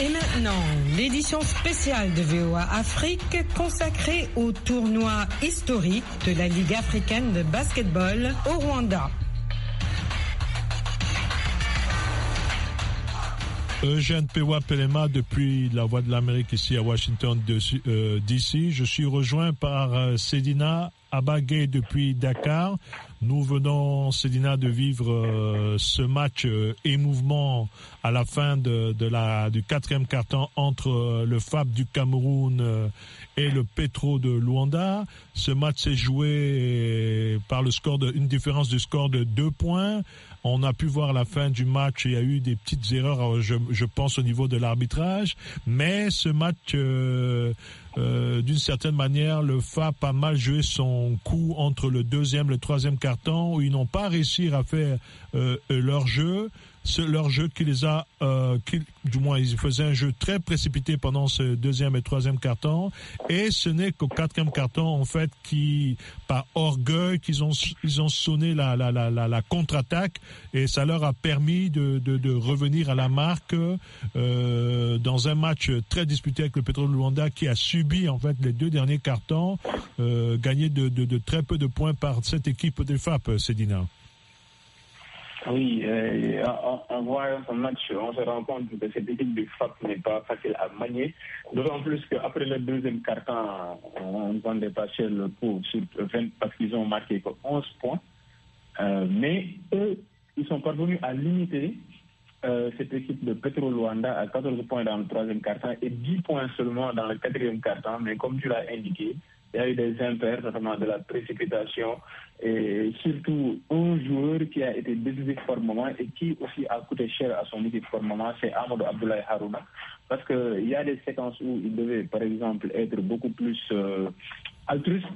Et maintenant, l'édition spéciale de VOA Afrique consacrée au tournoi historique de la Ligue africaine de basketball au Rwanda. Eugène Pewa Pelema depuis la Voix de l'Amérique ici à Washington DC. Euh, Je suis rejoint par euh, Sedina à depuis Dakar. Nous venons, Cédina, de vivre euh, ce match et euh, mouvement à la fin de, du quatrième carton entre euh, le FAB du Cameroun et le Petro de Luanda. Ce match s'est joué par le score d'une une différence du score de deux points on a pu voir la fin du match. Il y a eu des petites erreurs, euh, je, pense, au niveau de l'arbitrage. Mais ce match, euh, euh, d'une certaine manière, le FAP a mal joué son coup entre le deuxième et le troisième carton où ils n'ont pas réussi à faire leur jeu leur jeu qui les a, euh, qui, du moins ils faisaient un jeu très précipité pendant ce deuxième et troisième carton, et ce n'est qu'au quatrième carton en fait qui, par orgueil, qu'ils ont ils ont sonné la la la la, contre-attaque et ça leur a permis de de, revenir à la marque euh, dans un match très disputé avec le Pétrole Luanda qui a subi en fait les deux derniers cartons, euh, gagné de, de, très peu de points par cette équipe des FAP, Sedina. Oui, on euh, en, son match, on se rend compte que cette équipe de FAP n'est pas facile à manier. D'autant plus qu'après le deuxième carton, on ne dépasser le coup sur 20 parce qu'ils ont marqué 11 points. Euh, mais eux, ils sont parvenus à limiter euh, cette équipe de Petro Luanda à 14 points dans le troisième carton et 10 points seulement dans le quatrième carton. Mais comme tu l'as indiqué, il y a eu des impairs, notamment de la précipitation, et surtout un joueur qui a été décisif pour et qui aussi a coûté cher à son équipe pour c'est Amadou Abdoulaye Harouna. Parce qu'il y a des séquences où il devait, par exemple, être beaucoup plus euh, altruiste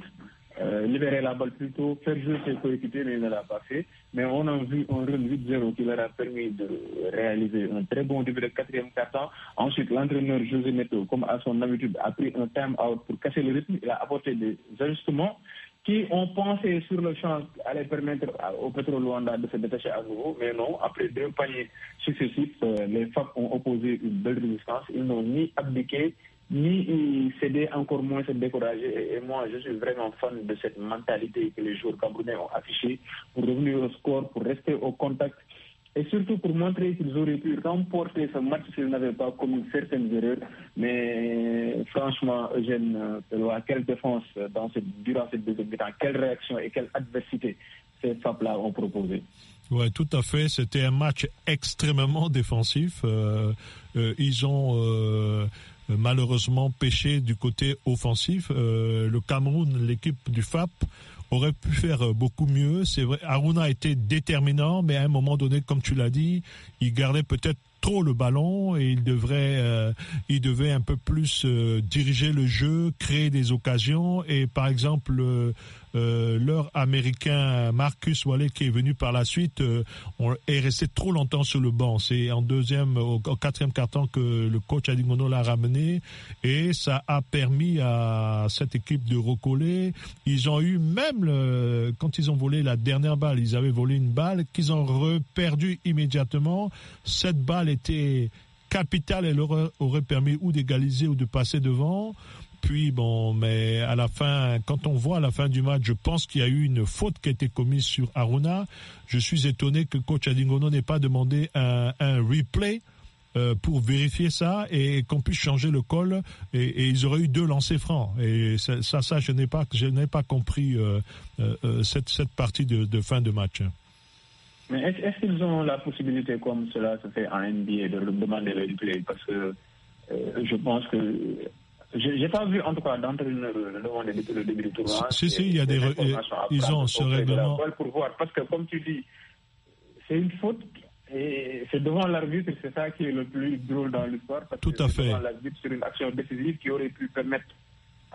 euh, libérer la balle plutôt, faire jouer ses coéquipiers, mais il ne l'a pas fait. Mais on a vu un run 8-0 qui leur a permis de réaliser un très bon début de quatrième quart-temps. Ensuite, l'entraîneur José Neto, comme à son habitude, a pris un time-out pour casser le rythme. Il a apporté des ajustements qui ont pensé sur le champ allait permettre au pétrole Luanda de se détacher à nouveau, mais non, après deux paniers successifs, euh, les FAP ont opposé une belle résistance, ils n'ont ni abdiqué, ni céder encore moins se décourager. Et moi, je suis vraiment fan de cette mentalité que les joueurs camerounais ont affichée pour revenir au score, pour rester au contact et surtout pour montrer qu'ils auraient pu remporter ce match s'ils n'avaient pas commis certaines erreurs. Mais franchement, Eugène euh, quelle défense euh, dans cette, durant cette deuxième mi quelle réaction et quelle adversité ces femmes là ont proposé. Oui, tout à fait. C'était un match extrêmement défensif. Euh, ils ont euh, malheureusement pêché du côté offensif. Euh, le Cameroun, l'équipe du FAP, aurait pu faire euh, beaucoup mieux. C'est vrai, Aruna a été déterminant, mais à un moment donné, comme tu l'as dit, il gardait peut-être trop le ballon et il devrait il devait un peu plus diriger le jeu, créer des occasions et par exemple euh, leur américain Marcus Wallet qui est venu par la suite euh, est resté trop longtemps sur le banc. C'est en deuxième, au, au quatrième carton que le coach Adingono l'a ramené et ça a permis à cette équipe de recoller. Ils ont eu même le, quand ils ont volé la dernière balle, ils avaient volé une balle qu'ils ont reperdue immédiatement. Cette balle était capitale, elle aurait, aurait permis ou d'égaliser ou de passer devant puis bon, mais à la fin, quand on voit à la fin du match, je pense qu'il y a eu une faute qui a été commise sur Aruna. Je suis étonné que coach Adingono n'ait pas demandé un, replay euh, pour vérifier ça et qu'on puisse changer le col et, ils auraient eu deux lancers francs et ça ça, je n'ai pas je n'ai pas compris euh, euh, cette partie de, fin de match. Mais est-ce qu'ils ont la possibilité comme cela se fait en NBA de demander le replay parce que je pense que j'ai pas vu, en tout cas, d'entraîneur euh, le depuis le début du tournoi. Si, si, il y a des. Ils ont ce règlement. Pour voir, parce que, comme tu dis, c'est une faute et c'est devant l'arbitre, c'est ça qui est le plus drôle dans l'histoire. Tout à fait. Devant l'arbitre sur une action décisive qui aurait pu permettre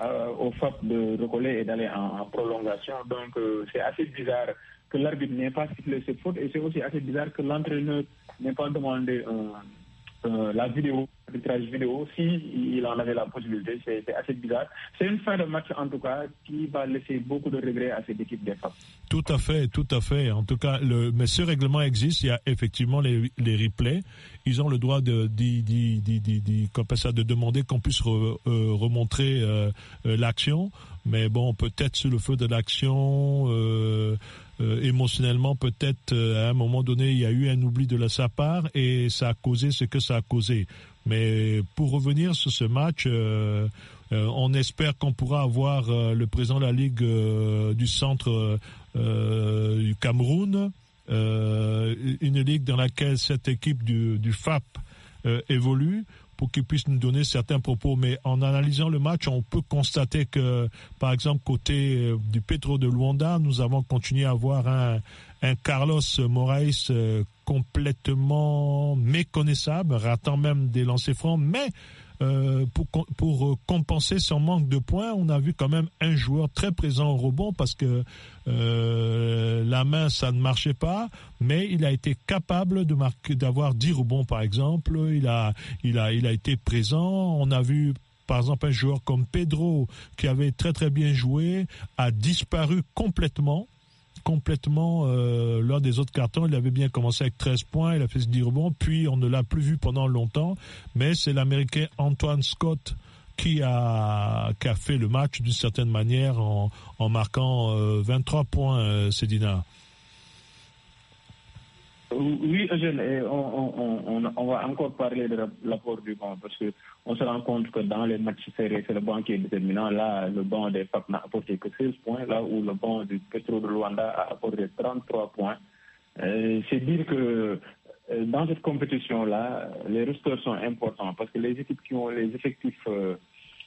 euh, au FAP de recoller et d'aller en, prolongation. Donc, euh, c'est assez bizarre que l'arbitre n'ait pas cité cette faute et c'est aussi assez bizarre que l'entraîneur n'ait pas demandé un. Euh, la vidéo, l'arbitrage vidéo, si en avait la possibilité, c'est assez bizarre. C'est une fin de match en tout cas qui va laisser beaucoup de regrets à cette équipe des Tout à fait, tout à fait. En tout cas, le, mais ce règlement existe, il y a effectivement les, replays. Ils ont le droit de, de, de demander qu'on puisse euh, remontrer euh, l'action. Mais bon, peut-être sous le feu de l'action, euh, émotionnellement peut-être euh, à un moment donné il y a eu un oubli de la sa part et ça a causé ce que ça a causé. Mais pour revenir sur ce match, euh, on espère qu'on pourra avoir le président de la Ligue du centre du Cameroun, une ligue dans laquelle cette équipe du, du FAP évolue pour qu'il puisse nous donner certains propos. Mais en analysant le match, on peut constater que, par exemple, côté euh, du Petro de Luanda, nous avons continué à avoir un, un Carlos Moraes euh, complètement méconnaissable, ratant même des lancers francs, mais euh, pour, pour euh, compenser son manque de points, on a vu quand même un joueur très présent au rebond parce que euh, la main, ça ne marchait pas, mais il a été capable de marquer, d'avoir 10 rebonds par exemple. Il a, il a, il a été présent. On a vu par exemple un joueur comme Pedro qui avait très très bien joué a disparu complètement complètement euh, l'un des autres cartons. Il avait bien commencé avec 13 points, il a fait dire bon, puis on ne l'a plus vu pendant longtemps. Mais c'est l'Américain Antoine Scott qui a, qui fait le match d'une certaine manière en, marquant 23 euh, points, Cédina. Euh, oui, Eugène, et on, va encore parler de l'apport du banc parce qu'on se rend compte que dans les matchs serrés, c'est le banc qui est déterminant. Là, le banc des FAP n'a apporté que 16 points, là où le banc du Petro de Luanda a apporté 33 points. Euh, c'est dire que euh, dans cette compétition-là, les rosters sont importants parce que les équipes qui ont les effectifs euh,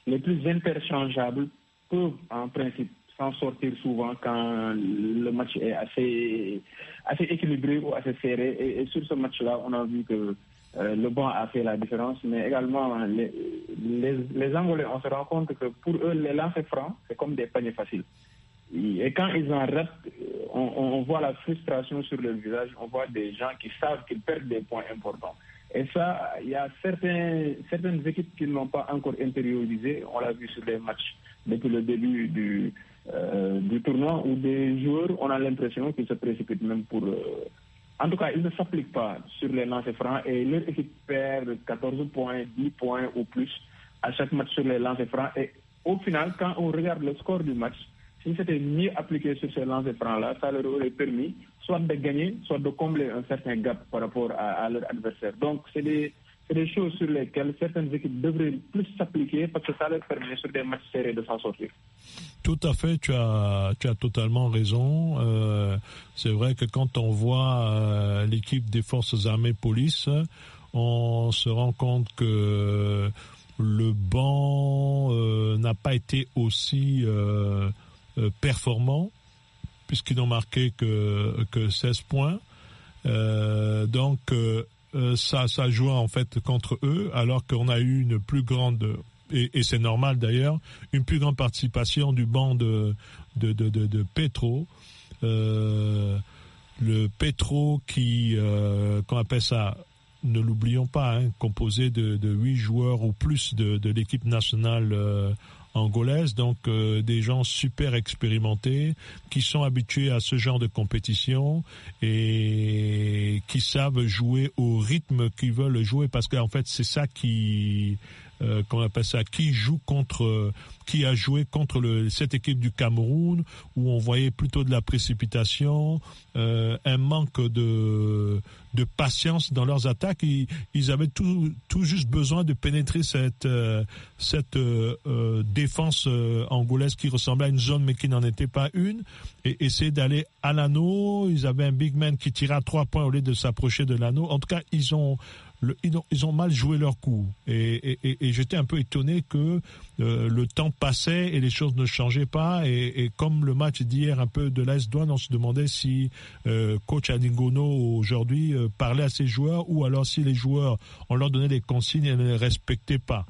les plus interchangeables peuvent en principe sans sortir souvent quand le match est assez, assez équilibré ou assez serré. Et, sur ce match-là, on a vu que euh, le banc a fait la différence, mais également les, Angolais, on se rend compte que pour eux, les lancers francs, c'est comme des paniers faciles. Et quand ils en restent, on, voit la frustration sur le visage, on voit des gens qui savent qu'ils perdent des points importants. Et ça, il y a certains, certaines équipes qui ne l'ont pas encore intériorisé, on l'a vu sur des matchs depuis le début du, euh, du tournoi ou des joueurs, on a l'impression qu'ils se précipitent même pour... Euh, en tout cas, ils ne s'appliquent pas sur les lancers francs et leur équipe perd 14 points, 10 points ou plus à chaque match sur les lancers francs. Et au final, quand on regarde le score du match, s'ils c'était mieux appliqué sur ces lancers francs-là, ça leur aurait permis soit de gagner, soit de combler un certain gap par rapport à, à leur adversaire. Donc, c'est des des choses sur lesquelles certaines équipes devraient plus s'appliquer parce que ça leur permet sur des matchs de s'en sortir. Tout à fait, tu as, tu as totalement raison. Euh, c'est vrai que quand on voit euh, l'équipe des forces armées police, on se rend compte que le banc euh, n'a pas été aussi performant puisqu'ils n'ont marqué que, que 16 points. donc, euh, ça, ça joue en fait contre eux, alors qu'on a eu une plus grande et, c'est normal d'ailleurs, une plus grande participation du banc de, de, de, Petro. Euh, le Petro qui, euh, qu'on appelle ça, ne l'oublions pas, hein, composé de, de 8 joueurs ou plus de, de l'équipe nationale angolaise, donc euh, des gens super expérimentés qui sont habitués à ce genre de compétition et qui savent jouer au rythme qu'ils veulent jouer parce qu'en fait c'est ça qui euh, on appelle à qui joue contre, euh, qui a joué contre cette équipe du Cameroun, où on voyait plutôt de la précipitation, euh, un manque de, de patience dans leurs attaques. Ils, avaient tout, tout juste besoin de pénétrer cette, cette défense angolaise qui ressemblait à une zone mais qui n'en était pas une, et essayer d'aller à l'anneau. Ils avaient un big man qui tirait trois points au lieu de s'approcher de l'anneau. En tout cas, ils ont ils, ont, mal joué leur coup. Et, j'étais un peu étonné que euh, le temps passait et les choses ne changeaient pas. Et, comme le match d'hier, un peu de l'AS Douane, on se demandait si euh, coach Adingono aujourd'hui euh, parlait à ses joueurs ou alors si les joueurs, on leur donnait des consignes et ne les respectaient pas.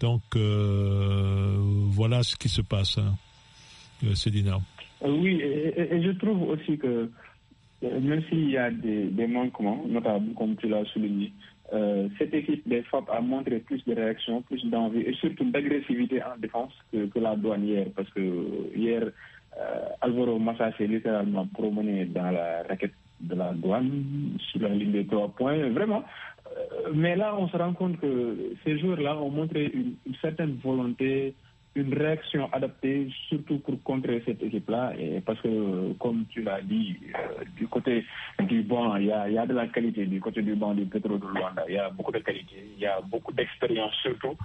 Donc voilà ce qui se passe, c'est hein, Cédina. Oui, et, je trouve aussi que même s'il y a des, des manquements, notamment comme tu l'as souligné, euh, cette équipe des FAP a montré plus de réaction, plus d'envie et surtout d'agressivité en défense que, la douane hier. Parce que hier, euh, Alvaro Massa s'est littéralement promené dans la raquette de la douane sur la ligne des trois points. Vraiment. Euh, mais là, on se rend compte que ces jours-là ont montré une certaine volonté une réaction adaptée, surtout pour contrer cette équipe-là, parce que, comme tu l'as dit, euh, du côté du banc, il y a, y a, de la qualité, du côté du banc du Petro de Luanda, il y a beaucoup de qualité, il y a beaucoup d'expérience surtout,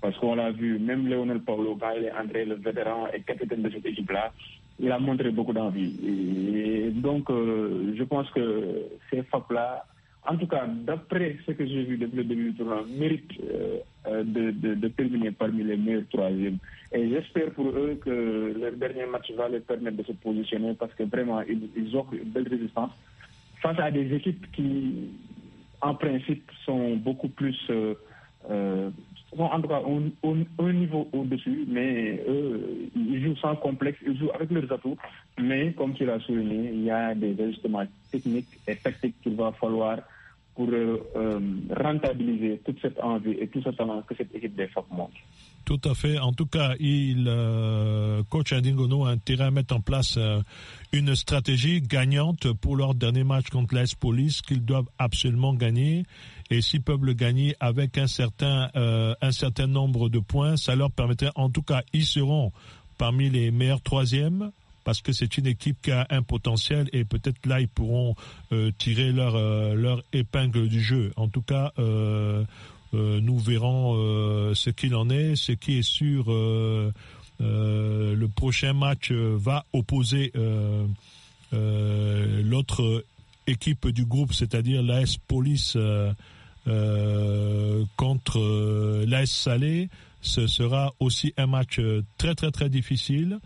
parce qu'on l'a vu, même Léonel Paolo quand il le vétéran et capitaine de cette équipe-là, il a montré beaucoup d'envie. Et, donc, euh, je pense que ces FAP-là en tout cas, d'après ce que j'ai vu depuis le début du tournoi, mérite euh, euh, de, terminer parmi les meilleurs troisièmes. Et j'espère pour eux que leur dernier match va leur permettre de se positionner parce que vraiment, ils, ont une belle résistance face à des équipes qui, en principe, sont beaucoup plus. Euh, sont en tout cas un niveau au-dessus, mais eux, ils jouent sans complexe, ils jouent avec leurs atouts. Mais comme tu l'as souligné, il y a des ajustements techniques et tactiques qu'il va falloir pour euh, euh, rentabiliser toute cette envie et tout ce talent que cette équipe des Tout à fait. En tout cas, il, euh, coach Adingono a intérêt à mettre en place une stratégie gagnante pour leur dernier match contre l'AS Police qu'ils doivent absolument gagner. Et s'ils peuvent le gagner avec un certain, un certain nombre de points, ça leur permettrait, en tout cas, ils seront parmi les meilleurs troisièmes parce que c'est une équipe qui a un potentiel et peut-être là ils pourront euh, tirer leur euh, leur épingle du jeu. En tout cas. Euh, nous verrons ce qu'il en est. Ce qui est sûr, le prochain match va opposer l'autre équipe du groupe, c'est-à-dire l'AS Police contre l'AS Salé, ce sera aussi un match très très très difficile.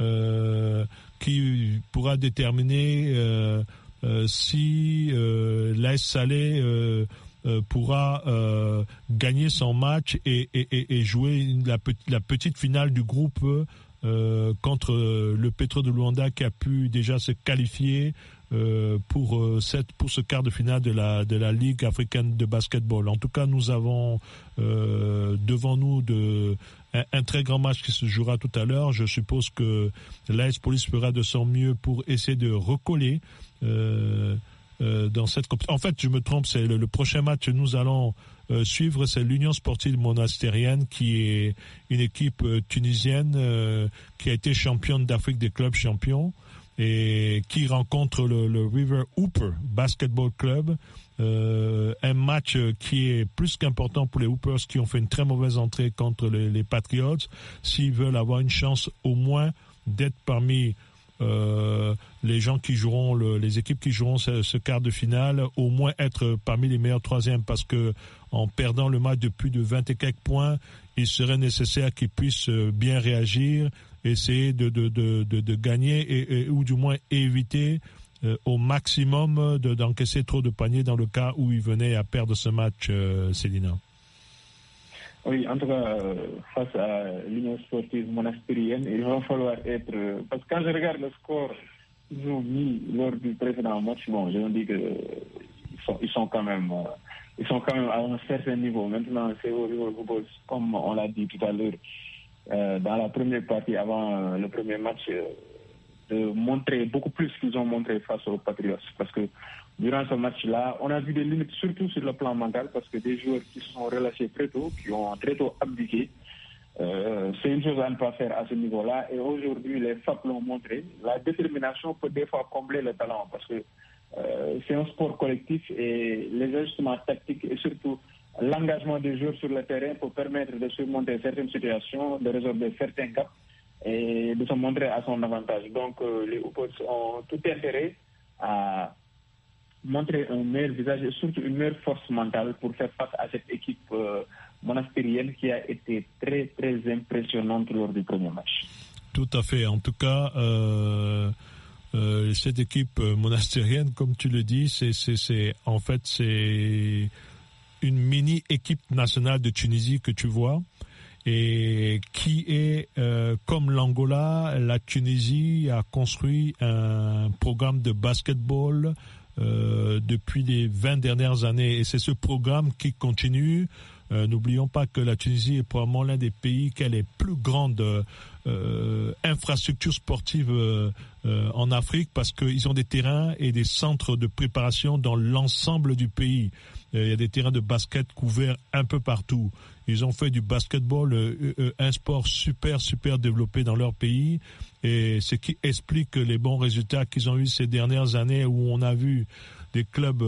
Euh, qui pourra déterminer euh, euh, si l'AS Salé pourra gagner son match et, et, et jouer la, la, petite finale du groupe contre le Petro de Luanda qui a pu déjà se qualifier pour, cette, pour ce quart de finale de la, de la Ligue africaine de basketball. En tout cas, nous avons devant nous de, un, très grand match qui se jouera tout à l'heure. Je suppose que l'AS Police fera de son mieux pour essayer de recoller. Euh, euh, dans cette En fait, je me trompe, c'est le, prochain match que nous allons euh, suivre, c'est l'Union sportive monastérienne qui est une équipe tunisienne qui a été championne d'Afrique des clubs champions et qui rencontre le, le River Hooper Basketball Club euh, un match qui est plus qu'important pour les Hoopers qui ont fait une très mauvaise entrée contre les, Patriots. S'ils veulent avoir une chance au moins d'être parmi euh, les gens qui joueront, les équipes qui joueront ce, quart de finale, au moins être parmi les meilleurs troisièmes parce que en perdant le match de plus de 20 et quelques points, il serait nécessaire qu'ils puissent euh, bien réagir, essayer de, gagner ou du moins éviter euh, au maximum d'encaisser trop de paniers dans le cas où il venait à perdre ce match, euh, Céline. Célina Oui, en tout cas, euh, face à l'Union sportive monastérienne, il va falloir être. Parce que quand je regarde le score qu'ils ont mis lors du précédent match, bon, je me dis qu'ils sont, ils sont quand même sont quand même à un certain niveau. Maintenant, c'est au niveau football, comme on l'a dit tout à l'heure, dans la première partie, avant le premier match, de montrer beaucoup plus qu'ils ont montré face aux Patriots. Parce que durant ce match-là, on a vu des limites, surtout sur le plan mental, parce que des joueurs qui se sont relâchés très tôt, qui ont très tôt abdiqué, euh, c'est une chose à ne pas faire à ce niveau-là. Et aujourd'hui, les FAP l'ont montré. La détermination peut des fois combler le talent, parce que euh, c'est un sport collectif et les ajustements tactiques et surtout l'engagement des joueurs sur le terrain pour permettre de surmonter certaines situations, de résoudre certains gaps et de se montrer à son avantage. Donc euh, les Hoopers ont tout intérêt à montrer un meilleur visage et surtout une meilleure force mentale pour faire face à cette équipe euh, monastérienne qui a été très très impressionnante lors du premier match. Tout à fait. En tout cas, euh, cette équipe monastérienne, comme tu le dis, c'est en fait c'est une mini équipe nationale de Tunisie que tu vois et qui est, euh, comme l'Angola, la Tunisie a construit un programme de basketball euh, depuis les 20 dernières années. Et c'est ce programme qui continue. Euh, n'oublions pas que la Tunisie est probablement l'un des pays qui a plus grandes euh, infrastructures sportives euh, euh, en Afrique parce qu'ils ont des terrains et des centres de préparation dans l'ensemble du pays. Euh, il y a des terrains de basket couverts un peu partout. Ils ont fait du basketball un sport super, super développé dans leur pays. Et ce qui explique les bons résultats qu'ils ont eu ces dernières années où on a vu des clubs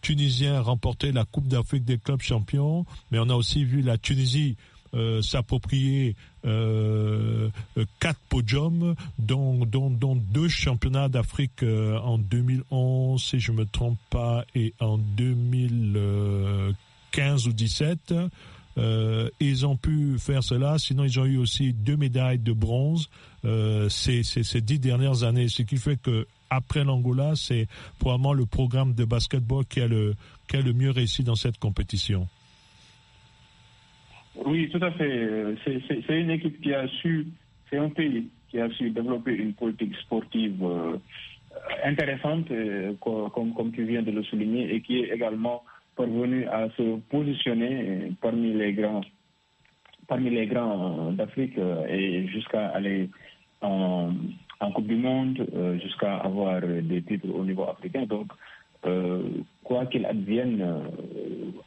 tunisiens remporter la Coupe d'Afrique des clubs champions. Mais on a aussi vu la Tunisie euh, s'approprier euh, euh, quatre podiums, dont, dont, deux championnats d'Afrique en 2011, si je me trompe pas, et en 2015 ou 17. ils ont pu faire cela, sinon ils ont eu aussi deux médailles de bronze ces, dix dernières années, ce qui fait que après l'Angola, c'est probablement le programme de basketball qui a le, qui a le mieux réussi dans cette compétition. Oui, tout à fait. C'est une équipe qui a su, c'est un pays qui a su développer une politique sportive euh, intéressante, euh, comme, comme tu viens de le souligner, et qui est également parvenu à se positionner euh, parmi les grands parmi les grands d'Afrique et jusqu'à aller en, en, Coupe du Monde, jusqu'à avoir des titres au niveau africain. Donc, euh, quoi qu'il advienne, euh,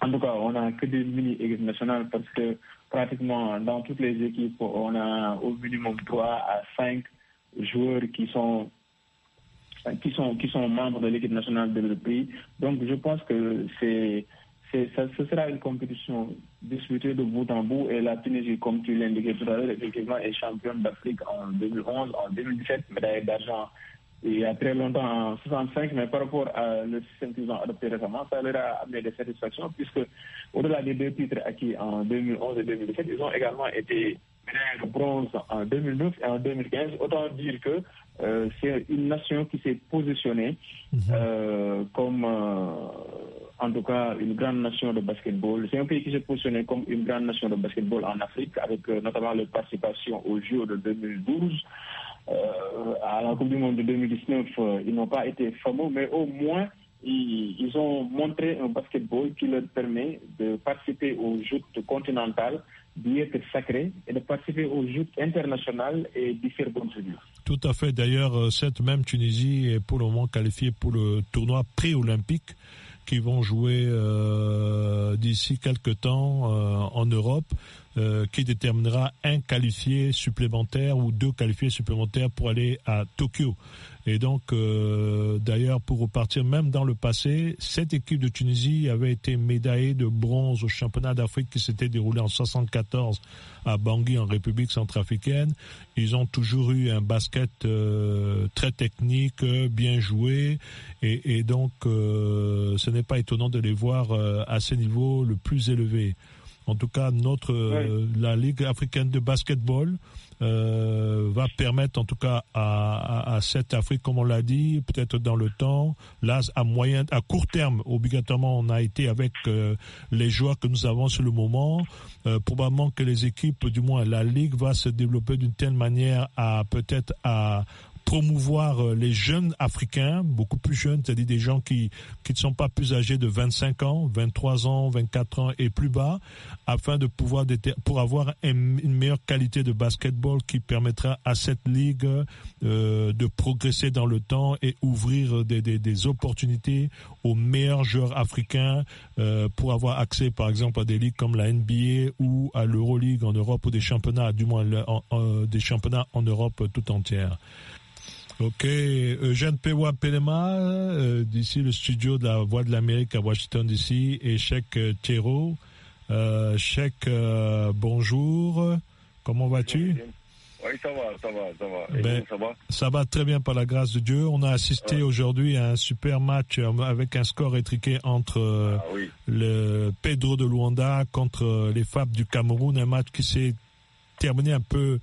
en tout cas, on n'a que des mini-équipes nationales parce que pratiquement dans toutes les équipes, on a au minimum 3 à 5 joueurs qui sont qui sont qui sont membres de l'équipe nationale de pays. Donc je pense que c'est ça, ce sera une compétition disputée de bout en bout et la Tunisie, comme tu l'indiquais tout à l'heure, effectivement est championne d'Afrique en 2011, en 2017, médaille d'argent il y a très longtemps, en 65, mais par rapport à le système qu'ils ont adopté récemment, ça leur a amené des satisfactions, puisque au-delà des deux titres acquis en 2011 et 2017, ils ont également été médaillés de bronze en 2009 et en 2015. Autant dire que euh, c'est une nation qui s'est positionnée mhm. euh, comme, euh, en tout cas, une grande nation de basketball. C'est un pays qui s'est positionné comme une grande nation de basketball en Afrique, avec notamment leur participation aux JO de 2012. Euh, à la Coupe du Monde de 2019, euh, ils n'ont pas été fameux, mais au moins, ils, ont montré un basketball qui leur permet de participer aux joutes continentales, d'y être sacré, et de participer aux joutes internationales et d'y faire bonne figure. Tout à fait. D'ailleurs, euh, cette même Tunisie est pour le moment qualifiée pour le tournoi pré-olympique qui vont jouer euh, d'ici quelques temps euh, en Europe, euh, qui déterminera un qualifié supplémentaire ou deux qualifiés supplémentaires pour aller à Tokyo. Et donc, euh, d'ailleurs, pour repartir même dans le passé, cette équipe de Tunisie avait été médaillée de bronze au championnat d'Afrique qui s'était déroulé en 74 à Bangui en République centrafricaine. Ils ont toujours eu un basket euh, très technique, bien joué, et, donc euh, ce n'est pas étonnant de les voir à ce niveau le plus élevé. En tout cas, notre la Ligue africaine de basketball euh, va permettre en tout cas à, à, à cette Afrique, comme on l'a dit, peut-être dans le temps, là à moyen, à court terme, obligatoirement, on a été avec euh, les joueurs que nous avons sur le moment. Euh, probablement que les équipes, du moins la ligue, va se développer d'une telle manière à peut-être à, promouvoir euh, les jeunes africains, beaucoup plus jeunes, c'est-à-dire des gens qui, qui ne sont pas plus âgés de 25 ans, 23 ans, 24 ans et plus bas, afin de pouvoir, pour avoir une meilleure qualité de basketball qui permettra à cette ligue euh, de progresser dans le temps et ouvrir des, des, opportunités aux meilleurs joueurs africains euh, pour avoir accès, par exemple, à des ligues comme la NBA ou à l'Euroleague en Europe ou des championnats, du moins des championnats en Europe tout entière. Ok, Eugène Pewa Pelema, euh, d'ici le studio de la Voix de l'Amérique à Washington DC, et Chèque Thérault. Chèque, bonjour, comment vas-tu Oui, ça va, ça va, ben, ça va. ça va. très bien par la grâce de Dieu. On a assisté aujourd'hui à un super match euh, avec un score étriqué entre euh, ah le Pedro de Luanda contre les Fab du Cameroun, un match qui s'est terminé un peu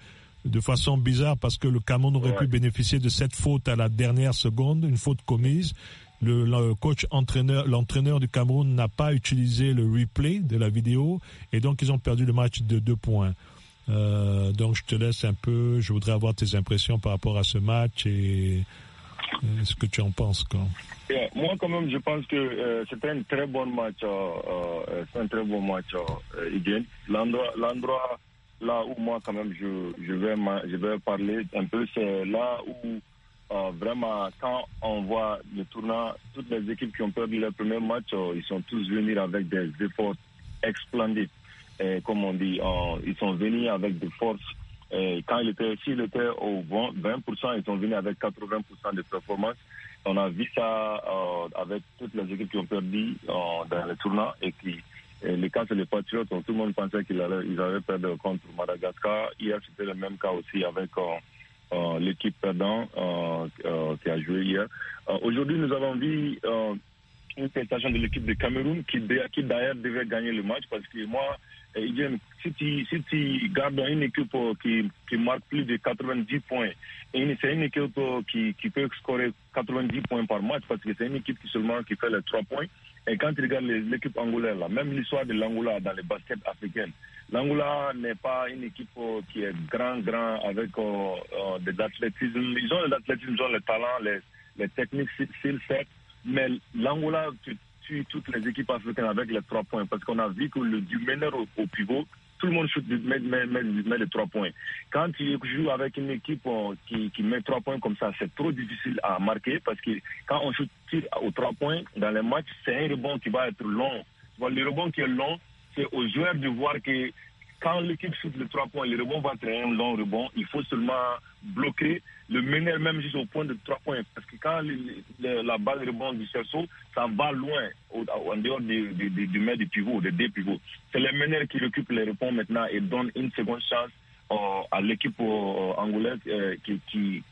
de façon bizarre parce que le Cameroun aurait pu bénéficier de cette faute à la dernière seconde, une faute commise. Le, coach entraîneur, l'entraîneur du Cameroun n'a pas utilisé le replay de la vidéo et donc ils ont perdu le match de deux points. Euh, donc je te laisse un peu, je voudrais avoir tes impressions par rapport à ce match et, euh, ce que tu en penses quand. moi quand même je pense que euh, c'était un très bon match, un très bon match, l'endroit là où moi quand même je, je, vais, je vais parler un peu, c'est là où euh, vraiment quand on voit le tournant, toutes les équipes qui ont perdu leur premier match, euh, ils sont tous venus avec des efforts splendides. comme on dit, euh, ils sont venus avec des forces. Et quand il était, s'il était au 20%, ils sont venus avec 80% de performance. On a vu ça avec toutes les équipes qui ont perdu dans le tournant et qui les cas, c'est les Patriotes. Tout le monde pensait qu'ils allaient, perdre contre Madagascar. Hier, c'était le même cas aussi avec euh, euh, l'équipe perdant euh, qui a joué hier. Aujourd'hui, nous avons vu une prestation de l'équipe de Cameroun qui, d'ailleurs devait gagner le match parce que moi, eh, si tu, gardes une équipe qui, marque plus de 90 points, c'est une équipe qui, peut scorer 90 points par match parce que c'est une équipe qui seulement qui fait les 3 points. Et quand tu regardes l'équipe angolaise, là, même l'histoire de l'Angola dans les basket africain, l'Angola n'est pas une équipe euh, qui est grand, grand avec euh, euh, des athlétismes. Ils ont athlétismes, ils ont le talent, les, les techniques, le fait. Mais l'Angola tue, toutes les équipes africaines avec les trois points parce qu'on a vu que le, du meneur au pivot, tout le monde shoot, met, met, met, les trois points. Quand tu joues avec une équipe euh, qui, qui met trois points comme ça, c'est trop difficile à marquer parce que quand on shoot aux trois points dans les matchs, c'est un rebond qui va être long. Le rebond qui est long, c'est aux joueurs de voir que quand l'équipe shoot le trois points, le rebond va créer un long rebond. Il faut seulement bloquer le meneur même jusqu'au point de trois points. Parce que quand la balle rebond du cerceau, ça va loin, en dehors du, mètre du, pivot, des deux pivots. C'est le meneur qui récupère les rebonds maintenant et donne une seconde chance euh, à l'équipe euh, angolaise euh, qui,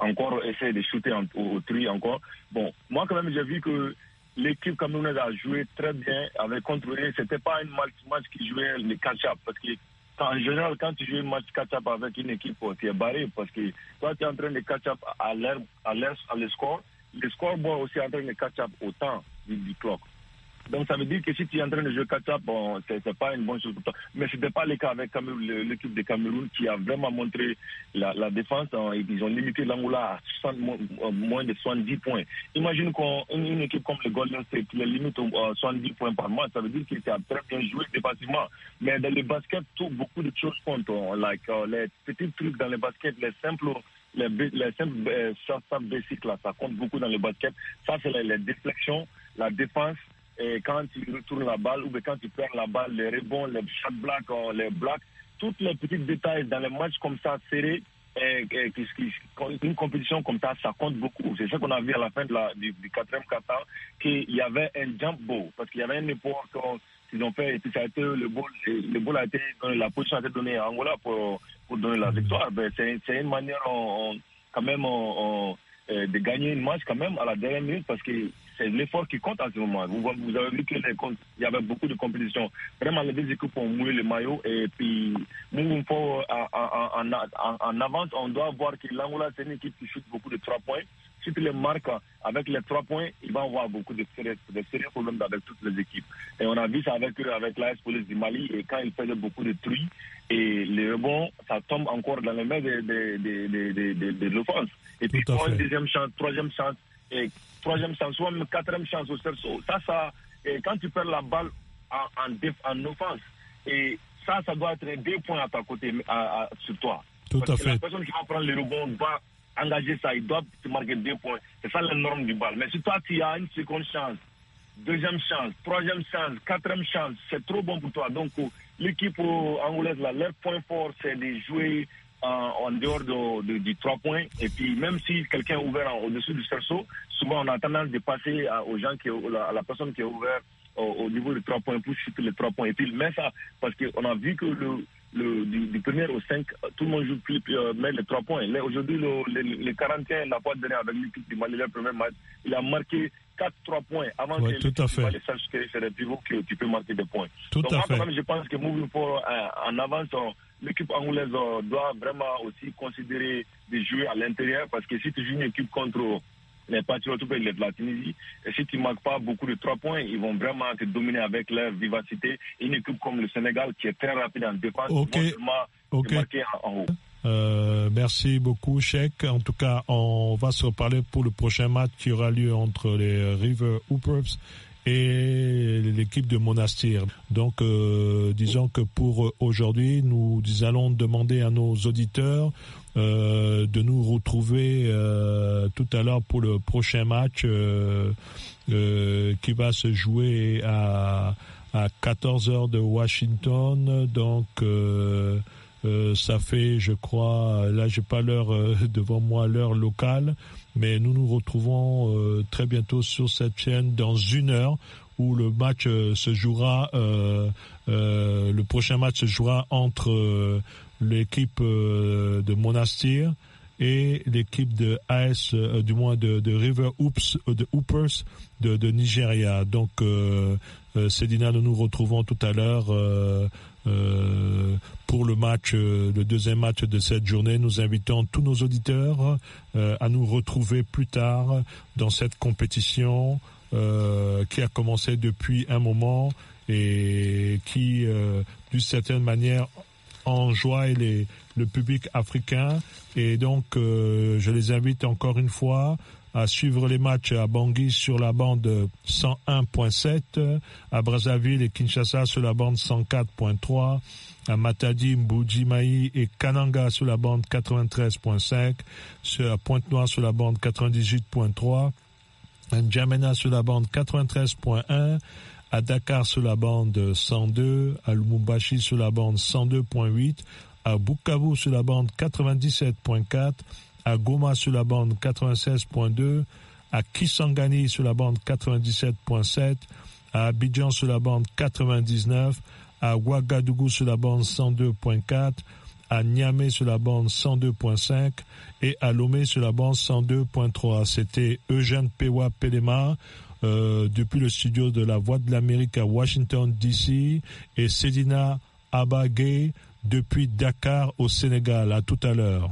encore essaie de shooter au, au tri encore. Bon, moi quand même j'ai vu que l'équipe camerounaise a joué très bien, avait contrôlé. C'était pas un match, match qui jouait le catch-up. Parce que, en général, quand tu joues un match catch-up avec une équipe, tu es barré. Parce que toi, tu es en train de catch-up à l'air, à, à le score. Le aussi en train de catch-up au temps du clock. Donc ça veut dire que si tu es en train de jouer catch-up, bon, c'est pas une bonne chose pour toi. Mais ce n'était pas le cas avec l'équipe de Cameroun qui a vraiment montré la, défense. et ils ont limité l'Angola à euh, moins de 70 points. Imagine qu'une équipe comme le Golden State les limite à 70 points par mois, ça veut dire qu'ils ont très bien joué défensivement. Mais dans le basket, beaucoup de choses comptent. like, euh, les petits trucs dans le basket, les simples les, simples euh, ça, ça compte beaucoup dans le basket. Ça, c'est les, déflexion, la défense, et quand il retourne la balle ou quand tu perd la balle, les rebonds, les shot blocks, euh, les blocs, tous les petits détails dans les matchs comme ça serrés, une compétition comme ça, ça compte beaucoup. C'est ça qu'on a vu à la fin de la, du, quatrième 4e qu'il y avait un jump ball, parce qu'il y avait un effort qu'ils ont fait, et puis ça le ball, le ball a été, la position a été donnée à Angola pour, pour donner la victoire. Ben, c'est une manière, quand même, euh, de gagner une match quand même à la dernière minute parce que c'est l'effort qui compte en ce moment. Vous, vous avez vu qu'il y avait beaucoup de compétition Vraiment, les deux équipes ont mouillé le maillot et puis nous, en, en, avance, on doit voir que l'Angola, c'est une équipe qui chute beaucoup de trois points. Si tu les marques avec les trois points, il va avoir beaucoup de sérieux, de problèmes avec toutes les équipes. Et on a vu ça avec, avec l'AS Police du Mali et quand ils faisaient beaucoup de truies, et le rebond, ça tombe encore dans les mains de, de, de, de, de l'offense. Et puis, troisième chance, troisième chance, et troisième chance, ou même quatrième chance au cerceau. Ça, ça, et quand tu perds la balle en, en, en, offense, et ça, ça doit être deux points à ta côté, à, sur toi. Tout à fait. La personne qui va prendre le rebond va engager ça, il doit te marquer deux points. C'est ça la norme du balle. Mais si toi, tu as une seconde chance, deuxième chance, troisième chance, quatrième chance, c'est trop bon pour toi. Donc, l'équipe anglaise, là, leur point fort, c'est de jouer en, dehors de, du trois points. Et puis, même si quelqu'un est ouvert au-dessus du cerceau, souvent on a tendance de passer à, aux gens qui, la personne qui est ouverte au, niveau des 3 points pour chuter les 3 points. Et puis, il met ça parce qu'on a vu que le, le, du, du, premier au 5, tout le monde joue plus, euh, met les trois points. Aujourd'hui, le, le, le 41, la fois dernière avec l'équipe du Mali, le premier match, il a marqué 4-3 points avant ouais, que tout à fait. que c'est le pivots que tu peux marquer des points. Tout Donc, à fait. je pense que Mouvi pour euh, en avance, euh, l'équipe anglaise euh, doit vraiment aussi considérer de jouer à l'intérieur parce que si tu joues une équipe contre les Patriotes de la Tunisie, et si tu ne marques pas beaucoup de 3 points, ils vont vraiment te dominer avec leur vivacité. Une équipe comme le Sénégal qui est très rapide en défense, okay. ils vont seulement en haut. Euh, merci beaucoup, Sheik. En tout cas, on va se reparler pour le prochain match qui aura lieu entre les River Hoopers et l'équipe de Monastir. Donc, euh, disons que pour aujourd'hui, nous allons demander à nos auditeurs euh, de nous retrouver tout à l'heure pour le prochain match qui va se jouer à, à 14h de Washington. Donc, euh, ça fait, je crois, là j'ai pas l'heure euh, devant moi, l'heure locale, mais nous nous retrouvons euh, très bientôt sur cette chaîne dans une heure où le match se jouera, le prochain match se jouera entre l'équipe de Monastir et l'équipe de AS, du moins de, de River Hoops, de Hoopers de, de Nigeria. Donc, euh, euh, nous nous retrouvons tout à l'heure euh, pour le match, euh, le deuxième match de cette journée, nous invitons tous nos auditeurs euh, à nous retrouver plus tard dans cette compétition qui a commencé depuis un moment et qui, d'une certaine manière, enjoie le public africain. Et donc, je les invite encore une fois à suivre les matchs à Bangui sur la bande 101.7, à Brazzaville et Kinshasa sur la bande 104.3, à Matadi, Boujimaï et Kananga sur la bande 93.5, à Pointe-Noire sur la bande 98.3, à N'Djamena sur la bande 93.1, à Dakar sur la bande 102, à Lumumbashi sur la bande 102.8, à Bukavu sur la bande 97.4, à Goma sur la bande 96.2, à Kisangani sur la bande 97.7, à Abidjan sur la bande 99, à Ouagadougou sur la bande 102.4, à Niamey sur la bande 102.5 et à Lomé sur la bande 102.3. C'était Eugène Pewa Pelema. Euh, depuis le studio de la Voix de l'Amérique à Washington DC et Sedina Abagé depuis Dakar au Sénégal. À tout à l'heure.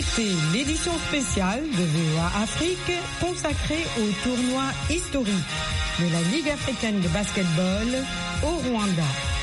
C'était l'édition spéciale de VOA Afrique consacrée au tournoi historique de la Ligue africaine de basketball au Rwanda.